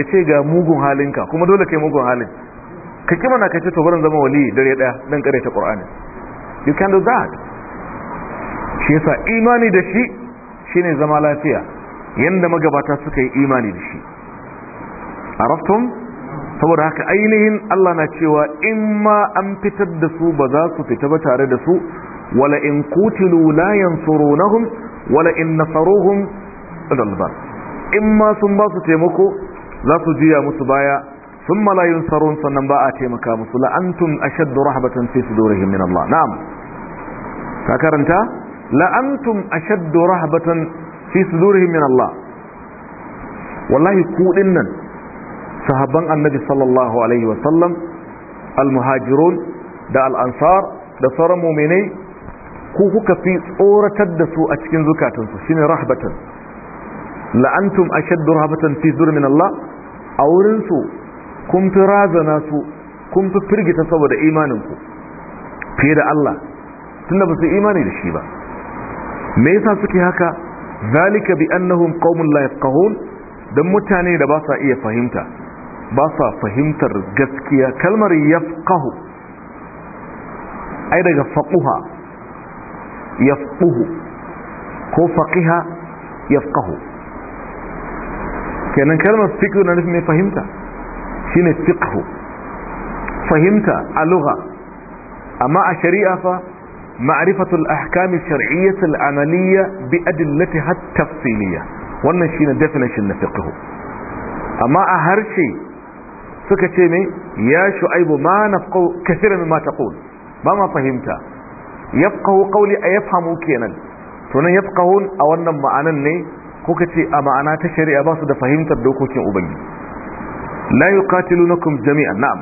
yace ga mugun halinka kuma dole kai mugun halin ka kima na kace to barin zama wali dare daya dan kare ta qur'ani you can do that shi yasa imani da shi shine zama lafiya yanda magabata suka yi imani da shi arabtum saboda haka ainihin Allah na cewa in ma an fitar da su ba za su fita ba tare da su wala in kutilu la yansurunahum wala in nasaruhum dalba in ma sun ba su taimako za su jiya musu baya sun la yunsarun sannan ba a taimaka musu la antum ashaddu rahbatan fi sudurihim min Allah na'am ka karanta la antum ashaddu rahbatan fi sudurihim min Allah wallahi ku dinnan sahabban annabi sallallahu alaihi wasallam almuhajirun da al'ansar da sauran muminai ku kuka fi tsoratar da su a cikin zukatansu shine rahbatan la'antum ashaddu rahbatan fi zurmin Allah a wurin su kun fi razana su kun fi firgita saboda imanin ku fiye da Allah tunda ba su imani da shi ba me yasa suke haka zalika bi annahum qaumun la yafqahun dan mutane da ba sa iya fahimta ba sa fahimtar gaskiya kalmar yafqahu ai daga faquha yafquhu ko faqiha yafqahu kenan kalmar fiqh na nufin mai fahimta shine fiqhu fahimta a lugha amma a shari'a fa ma'rifatu al-ahkam al-shar'iyyah al-amaliyya bi adillatiha at-tafsiliyya wannan shine definition na fiqh amma a harshe suka ce ne ya shu'aibu ma nafqahu kaseeran mimma taqul ba ma fahimta yafqahu qawli ayafhamu kenan to nan yafqahun a wannan ma'anan ne kuka ce a ma'ana ta shari'a ba su da fahimtar dokokin ubangiji la yuqatilunakum jami'a na'am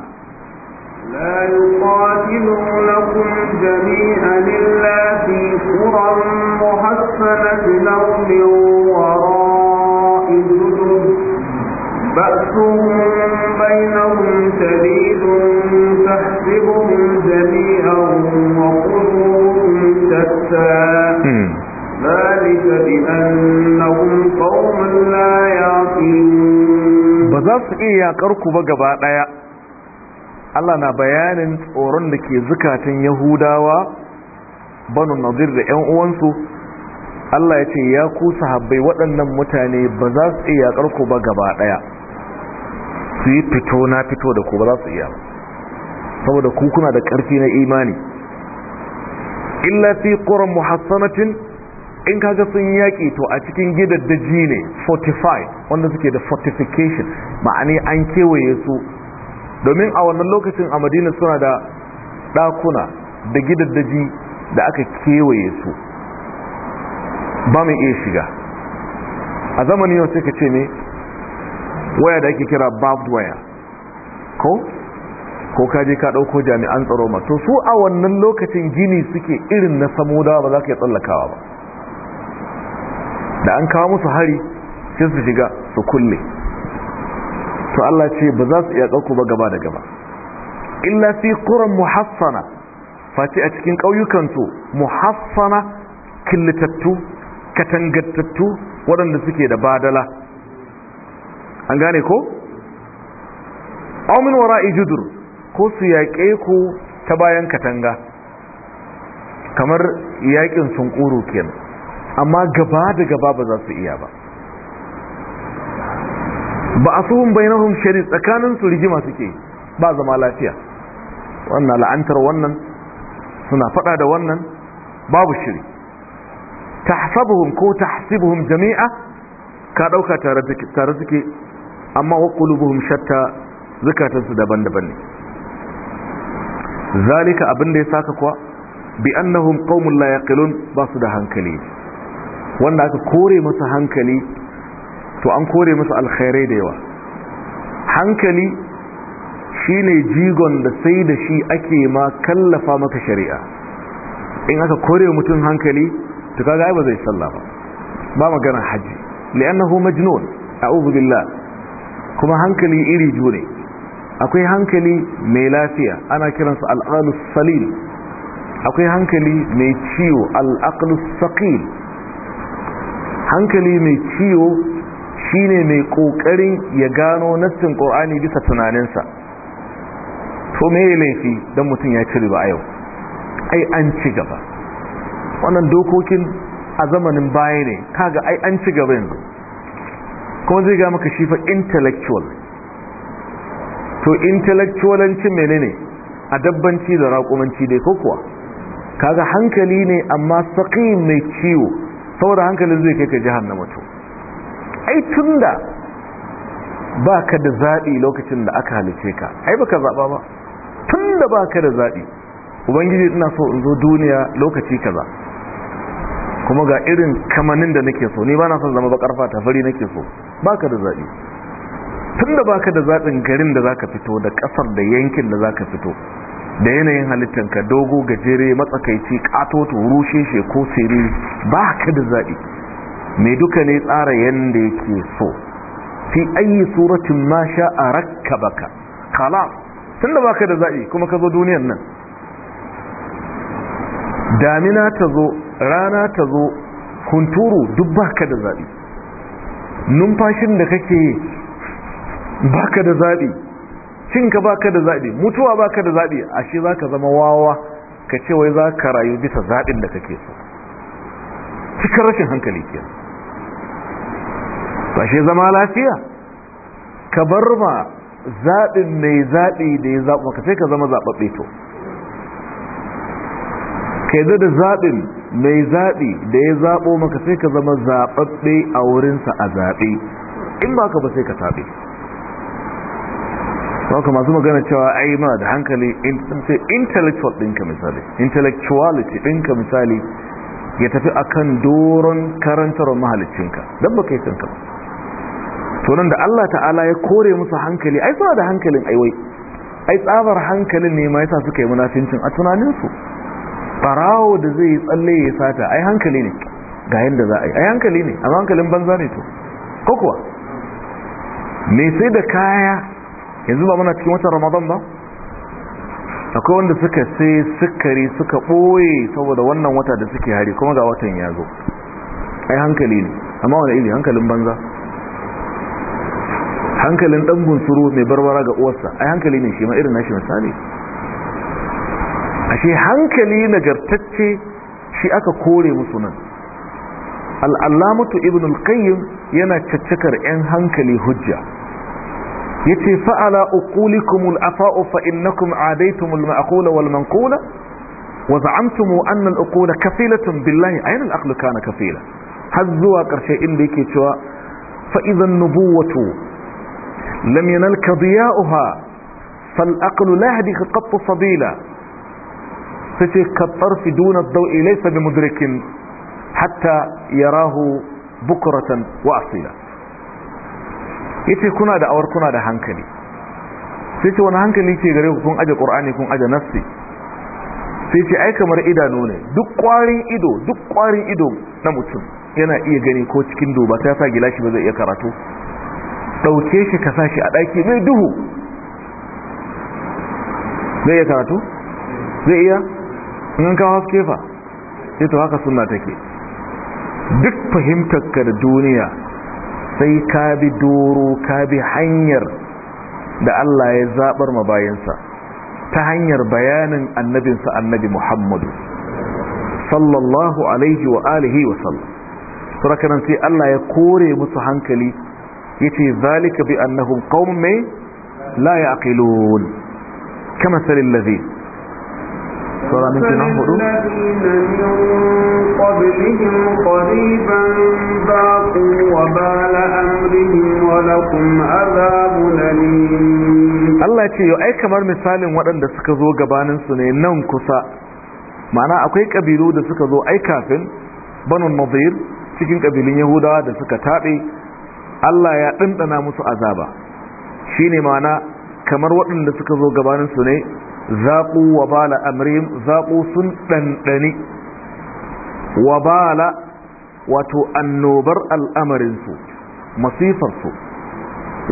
la yuqatilunakum jami'an illa fi quran muhassanatin aw launin wara بأسهم بينهم شديد تحسبهم جميعا وقلوبهم شتى ذلك بأنهم قوم لا يعقلون Allah na bayanin tsoron da ke zukatan Yahudawa banu nazir da ‘yan uwansu, Allah ya ce ya ku sahabbai waɗannan mutane ba za su iya karku ba gaba ɗaya. su yi fito na fito da ku ba za su iya saboda ku kuna da ƙarfi na imani illa fi quran muhassanatin in kaga sun yaki to a cikin gidaddaji ne fortify, wanda suke da fortification ma'ani an kewaye su domin a wannan lokacin a madina suna da ɗakuna da gidaddaji da aka kewaye su ba mai iya shiga a zamanin yau sai ka ce ne waya da ake kira barbed wire ko ko kaje ka dauko jami'an tsaro ma to su a wannan lokacin gini suke irin na samoda ba za ka yi tsallakawa ba da an kawo musu hari sai su shiga su kulle to Allah ce ba za su iya tsauko ba gaba da gaba illa fi qura muhassana fati a cikin ƙauyukan su muhassana killatattu katangattattu waɗanda suke da badala an gane ko aumin wara'i ijudur ko su yaƙe ku ta bayan katanga kamar yaƙin sun ƙuru kenan amma gaba da gaba ba za su iya ba ba a suhun bainahun shari tsakanin su rigima suke ba zama lafiya wannan la'antar wannan suna fada da wannan babu shiri tahsabuhum ko tahsibuhum jami'a ka ɗauka tare suke amma wa shatta zakatansu daban-daban ne zalika abin da ya saka kuwa bi annahum qaumun la yaqilun ba su da hankali wanda aka kore masa hankali to an kore masa alkhairai da yawa hankali shine jigon da sai da shi ake ma kallafa maka shari'a in aka kore mutum hankali to kaga ai ba zai sallah ba ba magana haji li'annahu majnun a'udhu billah kuma hankali iri biyu ne akwai hankali mai lafiya ana kiransa al'aqlus salim akwai hankali mai ciwo al'aqlus saqil hankali mai ciwo shine mai kokarin ya gano nassin qur'ani bisa tunaninsa to me laifi dan mutum ya ci riba yau ai an ci gaba wannan dokokin a zamanin baya ne kaga ai an ci gaba yanzu kuma zai ga maka shifa intellectual to mene ne a dabbanci da raƙumanci dai ko kuwa kaga hankali ne amma saƙi mai ciwo saboda hankalin zai kai ka jihar na ai ba ka da zaɗi lokacin da aka halice ka ai ka zaɓa ba tun da ba ka da zaɓi ubangiji ina so in zo duniya lokaci kaza kuma ga irin kamanin da nake so ni ba na son zama bakar fata fari nake so baka da zaɓi tun da baka da zaɓin garin da zaka fito da ƙasar da yankin da zaka fito da yanayin ka dogo gajere matsakaici ƙatoto, rushe she ko ba baka da zaɓi mai duka ne tsara yanda yake so fi ayi suratin ma a rakka baka kala tun da baka da zaɓi kuma ka zo duniyar nan damina ta zo rana ta zo hunturu duk baka da zaɓi numfashin da kake baka da zaɓi cinka baka da zaɓi mutuwa baka da zaɓi ashe za ka zama wawa ka ce wai za ka rayu bisa zaɓin da kake so cikin rashin hankali ke ashe zama lafiya ka bar ma zaɓin mai zaɓi da ya zaɓi maka sai ka zama zaɓaɓe to ka yi da zaɓin mai zaɓi da ya zaɓo maka sai ka zama zaɓaɓɓe a wurinsa a zaɓe in ba ka ba sai ka taɓe ka masu magana cewa ai ma da hankali intellectual ɗinka misali intellectuality ɗinka misali ya tafi akan doron karantar mahalicinka don ba kai kanka ba tunan da Allah ta'ala ya kore musu hankali ai suna da hankalin aiwai ai tsabar hankalin ne ma yasa suka yi munafincin a tunaninsu barawo da zai yi tsalle ya sata ai hankali ne ga yadda za a yi ai hankali ne amma hankalin banza ne to ko kuwa mai sai da kaya yanzu ba muna cikin watan ramadan ba akwai wanda suka sai sukari suka ɓoye saboda wannan wata da suke hari kuma ga watan ya zo ai hankali ne amma wani ili hankalin banza hankalin ɗangun suru mai barbara ga uwarsa ai hankali ne shi ma irin nashi misali ashe hankali nagartacce shi aka kore musu nan al'allamutu ibn al-qayyim yana caccakar 'yan hankali hujja yace fa'ala uqulikum al-afa'u fa innakum adaytum wa za'amtum anna al kafilatun billahi a al-aqlu kana kafila har zuwa ƙarshe inda yake cewa fa'izan idhan nubuwatu lam yanalka diya'uha fal aqlu la yahdi qat sabila sai ce ka tsarfi duna dau'i laisa bi mudrikin hatta yarahu bukuratan wa asila yace kuna da awar kuna da hankali sai ce wani hankali ce gare ku kun aje qur'ani kun aje nafsi sai ce ai kamar idanu ne duk ƙwarin ido duk ƙwarin ido na mutum yana iya gani ko cikin duba ta sa gilashi ba zai iya karatu dauke shi ka sashi a ɗaki mai duhu zai iya karatu zai iya in ka haske kefa? sai to haka suna take duk fahimtarka da duniya sai ka bi doro ka bi hanyar da Allah ya zabar mabayinsa ta hanyar bayanin annabinsa annabi Muhammadu sallallahu alaihi wa alihi wa sallam sarakanan sai Allah ya kore musu hankali yace zalika bi annahum qaumun la aqilun? kama salil sura minti na hudu Allah ce yau ai kamar misalin waɗanda suka zo gabanin ne nan kusa mana akwai ƙabilu da suka zo ai kafin banon mazir cikin ƙabilun yahudawa da suka taɗe, Allah ya ɗanɗana musu azaba shine mana kamar waɗanda suka zo gabanin ne zaƙu wa bala amrihim zaƙu sun ɗanɗani wa bala wato annobar al'amarinsu masifarsu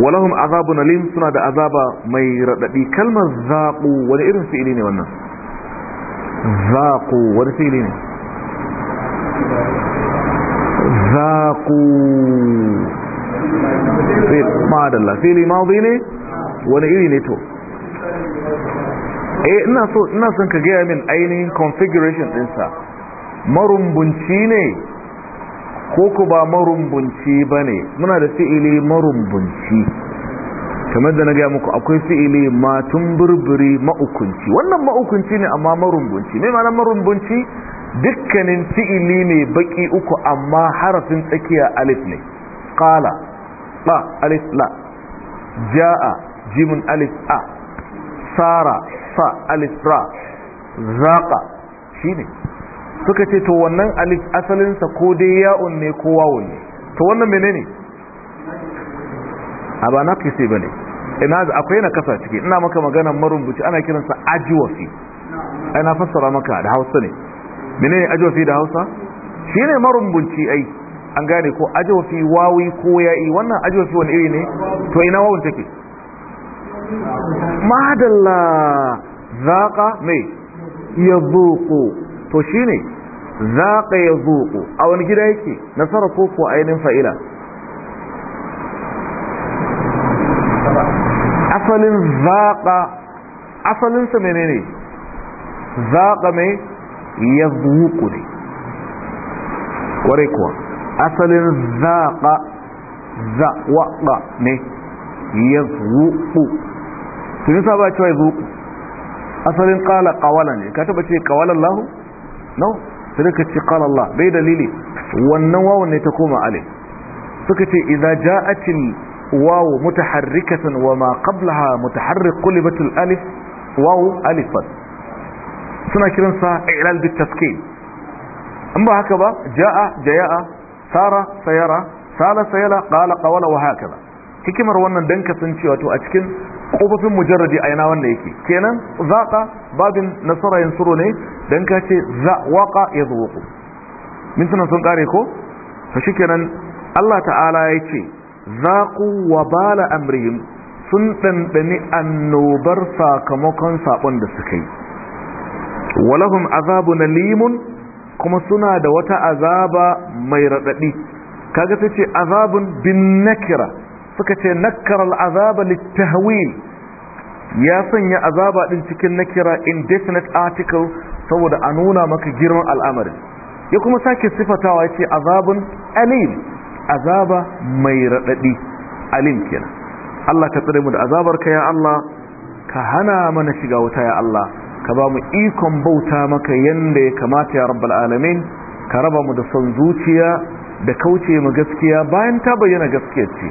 walahum azabun alim suna da azaba mai raɗaɗi kalmar zaƙu wani irin fi'ili ne wannan zaƙu wani fi'ili ne zaƙu ma'adalla fili mazi ne wani iri ne to eh ina so ina son ka gaya min ainihin configuration dinsa. marumbunci ne ko ku ba marumbunci ba ne muna da fi'ili marumbunci kamar da na gaya muku akwai fi'ili matun burburi ma'ukunci wannan ma'ukunci ne amma marumbunci mai ma'ana marumbunci dukkanin fi'ili ne baki uku amma harafin tsakiya alif ne qala ba alif la ja'a jimin alif a sara fa ra zaƙa shi ne suka ce to wannan alif asalinsa ko dai ya'un ne ko wawun ne to wannan menene a ba na kise ba ne ina akwai na kasa ciki ina maka magana marubuci ana kiransa ajiwafi ana fassara maka da hausa ne menene ajiwafi da hausa shi ne marubuci ai an gane ko ajiwafi wawi ko ya'i wannan ajiwafi wani iri ne to ina wawon take madalla zaqa mai yazuqu to shine zaqa yazuqu a wani gida yake na sarrafo ko ainin fa'ila asalin zaqa asalin sa menene zaqa mai yazuqu ne kware kuwa asalin zaqa zawaqa ne yazuqu tuni sa ba cewa zuku asalin qala qawala ne ka taba ce qawala Allah no sai ka ce qala Allah bai dalili wannan wawan ne ta koma alif suka ce idza ja'atil waw mutaharrikatan wa ma qablaha mutaharrik qulibatul alif waw alifat suna kiran sa ilal bit taskin in ba haka ba ja'a jaya'a sara sayara sala sayala qala qawala wa hakaza hikimar wannan dan kasancewa to a cikin kofofin mujarradi a yana wanda yake kenan zaqa babin nasara yansuru ne dan ka ce za waqa yazuqu min sunan sun kare ko to shikenan Allah ta'ala ya ce zaqu bala amrihim sun dandani annobar sakamakon sabon da suka yi walahum azabun limun kuma suna da wata azaba mai radadi kaga ce azabun bin nakira suka ce nakkar al'azaba littahawin, ya sanya azaba din cikin nakira indefinite article saboda a nuna maka girman al'amarin ya kuma sake sifatawa ya ce azabin alim azaba mai raɗaɗi alim kenan Allah ka tsare mu da azabar ka ya Allah ka hana mana shiga wuta ya Allah ka ba mu ikon bauta maka yanda ya kamata ya rabbal alamin ka raba mu da son zuciya da kauce mu gaskiya bayan ta bayyana gaskiyar ce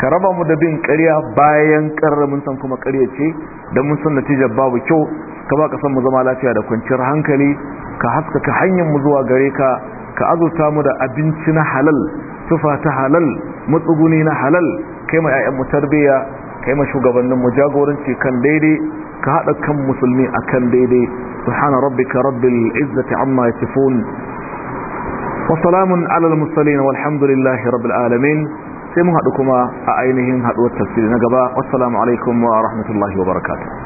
ka raba mu da bin ƙarya bayan ƙarar mun san kuma ƙarya ce don mun san natijar babu kyau ka ba ka san mu zama lafiya da kwanciyar hankali ka haskaka hanyar mu zuwa gare ka ka azurta mu da abinci na halal tufa ta halal matsuguni na halal kai ma 'ya'yan mu tarbiyya kai ma shugabannin mu jagoranci kan daidai ka haɗa kan musulmi a kan daidai subhana rabbika rabbil izzati amma yasifun wa salamun alal mursalin walhamdulillahi rabbil alamin سيمو هادوكما أينهم هادو التفسير نقبا والسلام عليكم ورحمة الله وبركاته